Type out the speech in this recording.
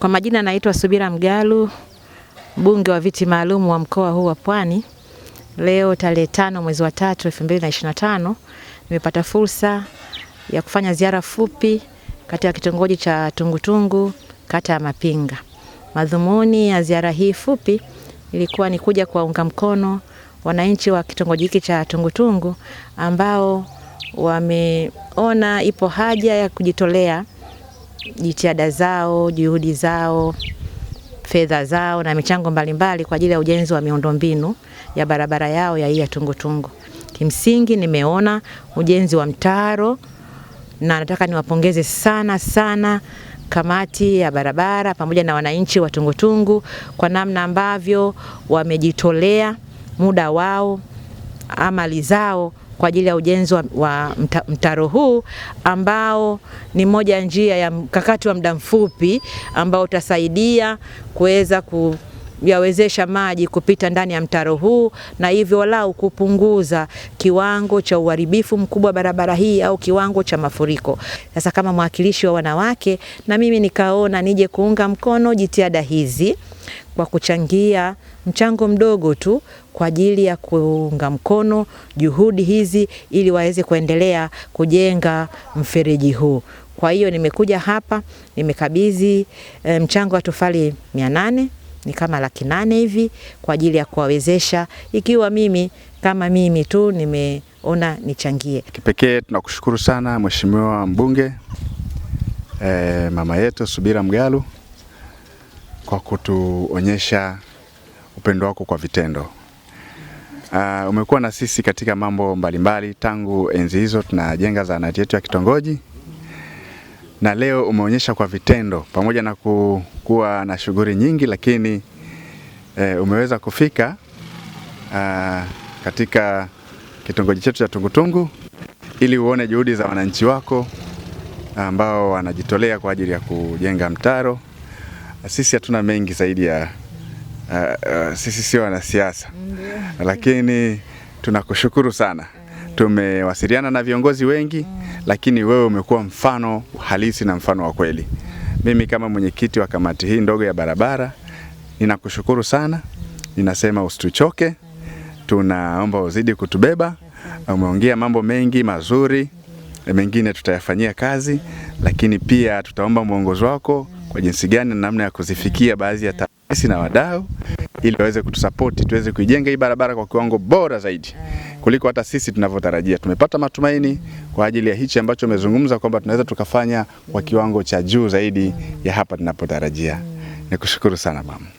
Kwa majina naitwa Subira Mgalu, mbunge wa viti maalum wa mkoa huu wa Pwani. Leo tarehe tano mwezi wa tatu 2025 nimepata fursa ya kufanya ziara fupi katika kitongoji cha Tungutungu kata ya Mapinga. Madhumuni ya ziara hii fupi ilikuwa ni kuja kuwaunga mkono wananchi wa kitongoji hiki cha Tungutungu ambao wameona ipo haja ya kujitolea jitihada zao, juhudi zao, fedha zao na michango mbalimbali kwa ajili ya ujenzi wa miundombinu ya barabara yao ya hii ya Tungutungu. Kimsingi nimeona ujenzi wa mtaro na nataka niwapongeze sana sana kamati ya barabara pamoja na wananchi wa Tungutungu kwa namna ambavyo wamejitolea muda wao, amali zao kwa ajili ya ujenzi wa, wa mta, mtaro huu ambao ni moja njia ya mkakati wa muda mfupi ambao utasaidia kuweza ku yawezesha maji kupita ndani ya mtaro huu na hivyo walau kupunguza kiwango cha uharibifu mkubwa wa barabara hii au kiwango cha mafuriko. Sasa kama mwakilishi wa wanawake, na mimi nikaona nije kuunga mkono jitihada hizi kwa kuchangia mchango mdogo tu kwa ajili ya kuunga mkono juhudi hizi ili waweze kuendelea kujenga mfereji huu. Kwa hiyo nimekuja hapa nimekabidhi e, mchango wa tofali mia nane ni kama laki nane hivi kwa ajili ya kuwawezesha, ikiwa mimi kama mimi tu nimeona nichangie. Kipekee tunakushukuru sana Mheshimiwa mbunge e, mama yetu Subira Mgalu kwa kutuonyesha upendo wako kwa vitendo. Uh, umekuwa na sisi katika mambo mbalimbali mbali, tangu enzi hizo tunajenga zahanati yetu ya kitongoji na leo umeonyesha kwa vitendo, pamoja na kuwa na shughuli nyingi, lakini e, umeweza kufika a, ah, katika kitongoji chetu cha Tungutungu ili uone juhudi za wananchi wako ambao wanajitolea kwa ajili ya kujenga mtaro. Sisi hatuna mengi zaidi ya uh, uh, sisi sio wanasiasa, lakini tunakushukuru sana tumewasiliana na viongozi wengi, lakini wewe umekuwa mfano halisi na mfano wa kweli. Mimi kama mwenyekiti wa kamati hii ndogo ya barabara ninakushukuru sana, ninasema usituchoke, tunaomba uzidi kutubeba. Umeongea mambo mengi mazuri, mengine tutayafanyia kazi, lakini pia tutaomba mwongozo wako kwa jinsi gani na namna ya kuzifikia baadhi ya taasisi na wadau ili waweze kutusapoti tuweze kuijenga hii barabara kwa kiwango bora zaidi kuliko hata sisi tunavyotarajia. Tumepata matumaini kwa ajili ya hichi ambacho umezungumza kwamba tunaweza tukafanya kwa kiwango cha juu zaidi ya hapa tunapotarajia. Nikushukuru sana mama.